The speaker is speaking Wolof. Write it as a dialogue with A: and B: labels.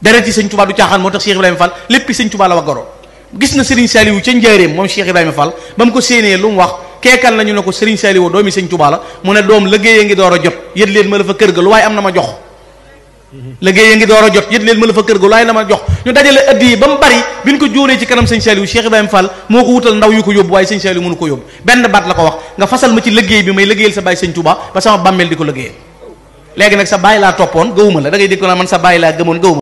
A: deret yi sëñ Tuubaa du caaxaan moo tax Cheikh Ibrahima Fall lépp sëñ Tuubaa la wa goro gis na Serigne Saliou ca njaareem moom Cheikh Ibrahima Fall ba mu ko séenee lu mu wax keekal nañu ne ko Serigne Saliou doomi sëñ Tuubaa la mu ne doom liggéey a ngi door a jot yët leen ma la fa kër ga lu waaye am na ma jox liggéey a ngi door a jot yët leen ma la fa kër ga lu waaye na ma jox ñu dajale ëdd yi ba mu bari bi ñu ko jóoree ci kanam sëñ Saliou Cheikh Ibrahima Fall moo ko wutal ndaw yu ko yóbbu waaye sëñ Saliou ko yóbbu benn baat la ko wax nga fasal ma ci liggéey bi may liggéeyal sa baay sëñ Tuubaa ba sama bàmmeel di ko liggéeyal léegi nag sa baay laa toppoon gëwuma la da ngay dégg ko sa baay laa gëmoon gëwuma